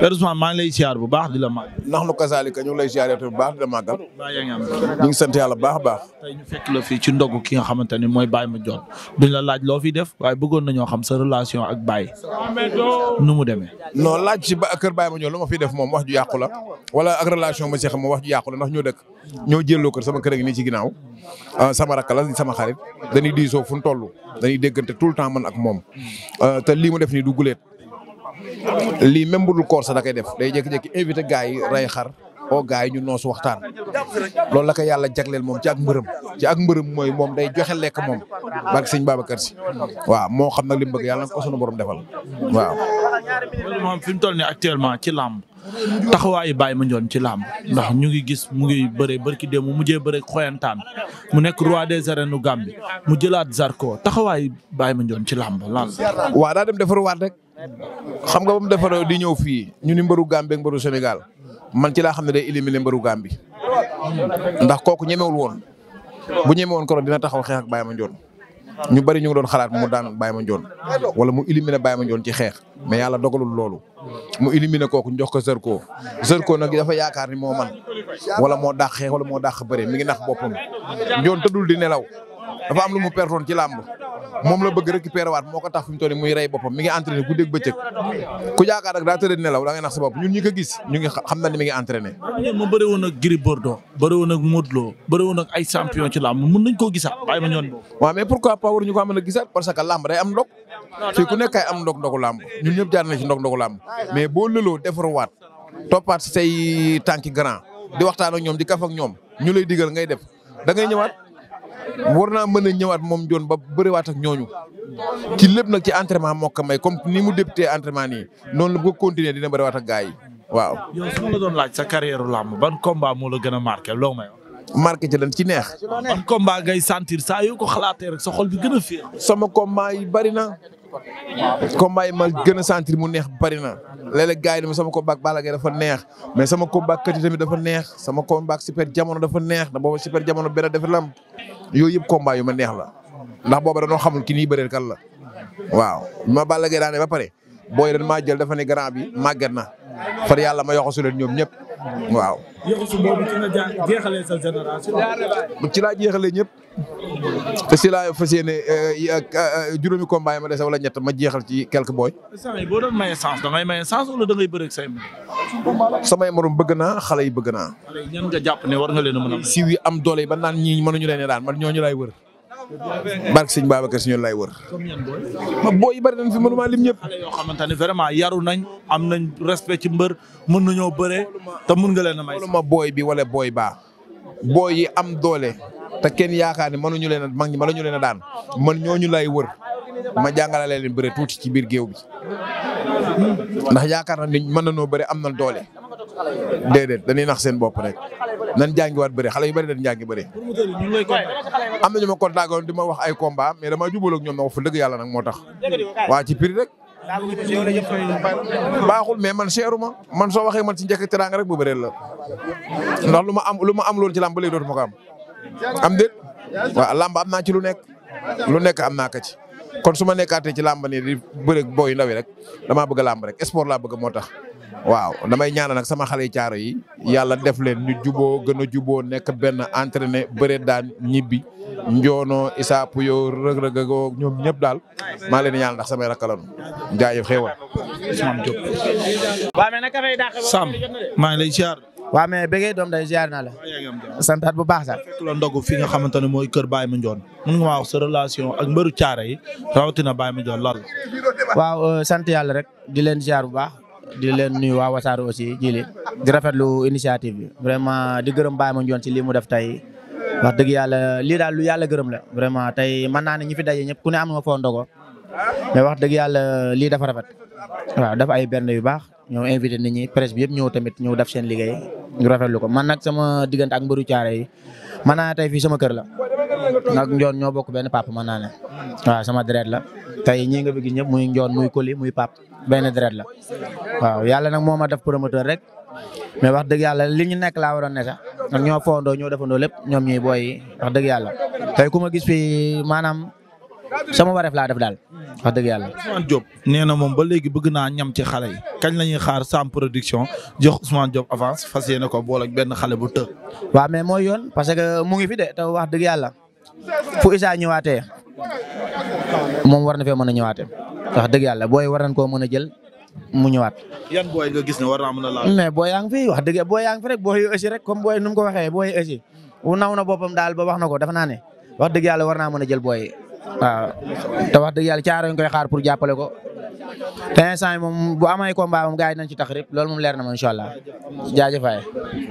Père Ousmane maa ngi lay siyaar bu baax di la màgg. ndax nu kasaalika ñu ngi lay siyaaree bu baax di la màggal. ñu ngi sant yàlla bu baax a baax. tey fii ci ndogu ki nga xamante ne mooy Baye Mandione duñ la laaj loo fi def waaye bëggoon nañoo xam sa relation ak baay nu mu demee. noo laaj ci ba kër Baye Mandione lu ma fi def moom wax ju yàqu la wala ak relation ma si xam wax ju yàqu la ndax ñoo dëkk ñoo jëlloo kër sama kër gi nii ci ginnaaw ah, sama rakala sama xarit dañuy diisoo fu ñu toll dañuy déggante tout le temps man ak moom ah, te lii mu def nii du guleet lii même bu dul koor sax da koy def day jékki-jékki invité gars yi rey xar oo gars yi ñu noosu waxtaan loolu la yàlla jagleel moom ci ak mbërëm ci ak mbërëm mooy moom day joxe lekk moom barke sëñ Babacar Si waaw moo xam nag lim bëgg yàlla na ko sunu borom defal waaw. moom fi mu toll nii actuellement ci làmb taxawaayu Baye Mandione ci làmb ndax ñu ngi gis mu ngi bëre barki démb mu mujjee bëre xoyantaan mu nekk roi des arènes u Gambie mu jëlaat Zarko taxawaayu Baye Mandione ci làmb lan la. waaw daa dem defarwaat rek. xam nga ba mu defaree di ñëw fii ñu ni mbëru Gambie ak mbëru man ci laa xam ne day ilimi éliminer mbëru Gambie ndax kooku ñemewul woon bu ñeme woon koro dina taxaw xeex ak Baye Mandione ñu bari ñu ngi doon xalaat mu daan Baye Mandione wala mu baay ma Mandione ci xeex mais yàlla dogalul loolu mu éliminer kooku njox ko Zarko Zarko nag dafa yaakaar ni moo man wala moo dàq xeex wala moo dàq bëre mi ngi nax boppam Mandione tëddul di nelaw dafa am lu mu pertoon ci làmb moom la bëgg récupérer waat moo ko tax mu toll muy rey boppam mi ngi entraîné guddeeg bëccëg ku yaakaar ak daa tëdd nelaw da ngay nax sa bopp ñun ñi ko gis ñu ngi xam na ne mi ngi entraîné ma bëri woon ak Gris Bordeaux bëri woon ak ay champion ci làmb mun nañ koo gisaat bàyyi ma ñoon waaw mais pourquoi pas waruñu ko mën a gisaat parce que làmb day am ndog fii ku nekk am ndog ndogu làmb ñun ñëpp jaar na ci ndog ndogu làmb mais boo lëloo defaruwaat toppaat say tànki war naa mën a ñëwaat moom joon ba bëriwaat ak ñooñu ci lépp nag ci entrement moo ko may comme ni mu débuté entraînement nii noonu la bu ko continuer dina bëriwaat ak gars yi waaw. yow su ma la doon laaj sa carrière làmb ban combat moo la gën a marqué loo may wax. marqué ci lan ci neex. ban combat ngay sentir saa yoo ko xalaatee rek sa xol bi gën a féex. sama combat yi bari na. combat yi ma gën a santir mu neex bari na léeg-léeg gars yi dama sama combat ak Balla Gaye dafa neex mais sama combat ak Kati tamit dafa neex sama combat ak Super Jamono dafa neex da booba Super Jamono benn dafa lam yooyu yëpp combat yu ma neex la ndax booba dañoo xamul ki nii bëreel kan la waaw ma Balla Gaye daane ba pare booy ren maa jël dafa ne grand bi màgget na far yàlla ma yoxasu leen ñoom ñëpp waaw. yëkkatu boobu ci nga jeexalee sa génération. ci laa jeexalee ñëpp. te si laa fas yéene eh, eh, eh, juróomi combat yi ma a wala ñett ma jeexal ci quelque booy. saa yi boo doon maye sens da ngay maye sens wala da ngay bëre ak say samay morom bëgg naa xale yi bëgg naa. xale yi ñan nga jàpp ne war nga leen a mën a. siiw yi am doole yi naan ñii mënuñu leen a daan man ñooñu laay barke baa Babacar si ñun lay wër. ma booy yi bari nañ fi mënuma lim ñëpp. yoo xamante ne vraiment yaru nañ am nañ respect ci mbër mën nañoo bëree te mun nga leen a may. ma booy bi wala booy baa booy yi am doole te kenn yaakaar ne mënuñu leen a mag ñi mënuñu leen a daan man ñooñu lay wër ma jàngalalee leen bëre tuuti ci biir géew bi ndax yaakaar na ni mën na noo am na doole. déedéet dañuy nax seen bopp rek nan jàngiwaat bëri xale yu bëri dañ jàngi bëri am na ñu ma contact woon di ma wax ay combat mais dama jubaloog ñoom na wax fa dëgg yàlla nag tax waa ci prix rek baaxul mais man seeru ma man soo waxee man ci njëkk teraanga rek bu la ndax lu ma am lu ma am loolu ci làmb ba léegi dootuma ko am am déet waaw làmb am naa ci lu nekk lu nekk am naa ko kon su ma nekkaatee ci làmb nii di bëre booy ndaw yi rek damaa bëgg lamb rek espor laa bëgg moo tax waaw damay ñaanal nag sama xale caaro yi yàlla def leen ñu juboo gën a juboo nekk benn entraîné bëre daan ñibbi njoono Issa Pouyo rëg-rëgagoo ñoom ñëpp daal maa leen ñaanal ndax samay rakkalanu jaajëf xéewal Sam maa ngi lay ziar waa mais bëggee doom day ziar naa la santaat bu baax sax fekk la fi nga xamante ne mooy kër Baye Mandione mun nga maa wax relation ak mbëru caaro yi rawatina Baye Mandione lan la waaw euh, sant yàlla rek di leen ziar bu baax di leen nuyu waa Wassare aussi jili di rafetlu initiative bi vraiment di gërëm Baye Mandione ci lii mu def tey wax dëgg yàlla lii daal lu yàlla gërëm la vraiment tey mën naa ne ñi fi daje ñëpp ku ne am nga foo ndogo mais wax dëgg yàlla lii dafa rafet waaw dafa ay benn yu baax ñoo invité nit ñi presse bi yëpp ñëw tamit ñëw def seen liggéey ñu lu ko man nag sama diggante ak mbëru caare yi mën naa tey fii sama kër la nag njoon ñoo bokk benn papa mën naa ne waaw sama deret la tey ñii nga bëgg ñëpp muy njoon muy Koli muy pap benn deret la waaw yàlla na moo ma def promoteur rek mais wax dëgg yàlla li ñu nekk laa waroon ne sax ndax ñoo foondoo ñoo defandoo lépp ñoom ñuy booy wax dëgg yàlla tey ku ma gis fii maanaam sama wareef laa def daal wax dëgg yàlla. Ousmane Diop nee na moom ba léegi bëgg naa ñam ci xale yi kañ la ñuy xaar Sam Production jox Ousmane Diop avance fa yéene ko boole ak benn xale bu të. waaw mais mooy yoon parce que mu fi de te wax dëgg yàlla fu Issa ñëwaatee moom war na fee mën a ñëwaate wax dëgg yàlla booy war nañ koo mën a jël mu ñëwaat. yan booy nga gis ne war naa mën a laal. mais booy yaa fi wax dëgg booy yaa ngi fi rek booy yu aussi rek comme booy nu ko waxee booy yu aussi wu naw na boppam daal ba wax na ko dafa naa ne wax dëgg yàlla war naa mën a jël booy te wax dëgg yàlla caaro ñu koy xaar pour jàppale ko te instant yi moom bu amay combat moom gars yi nañ ci tax rek loolu moom leer na ma incha allah jaajëfaay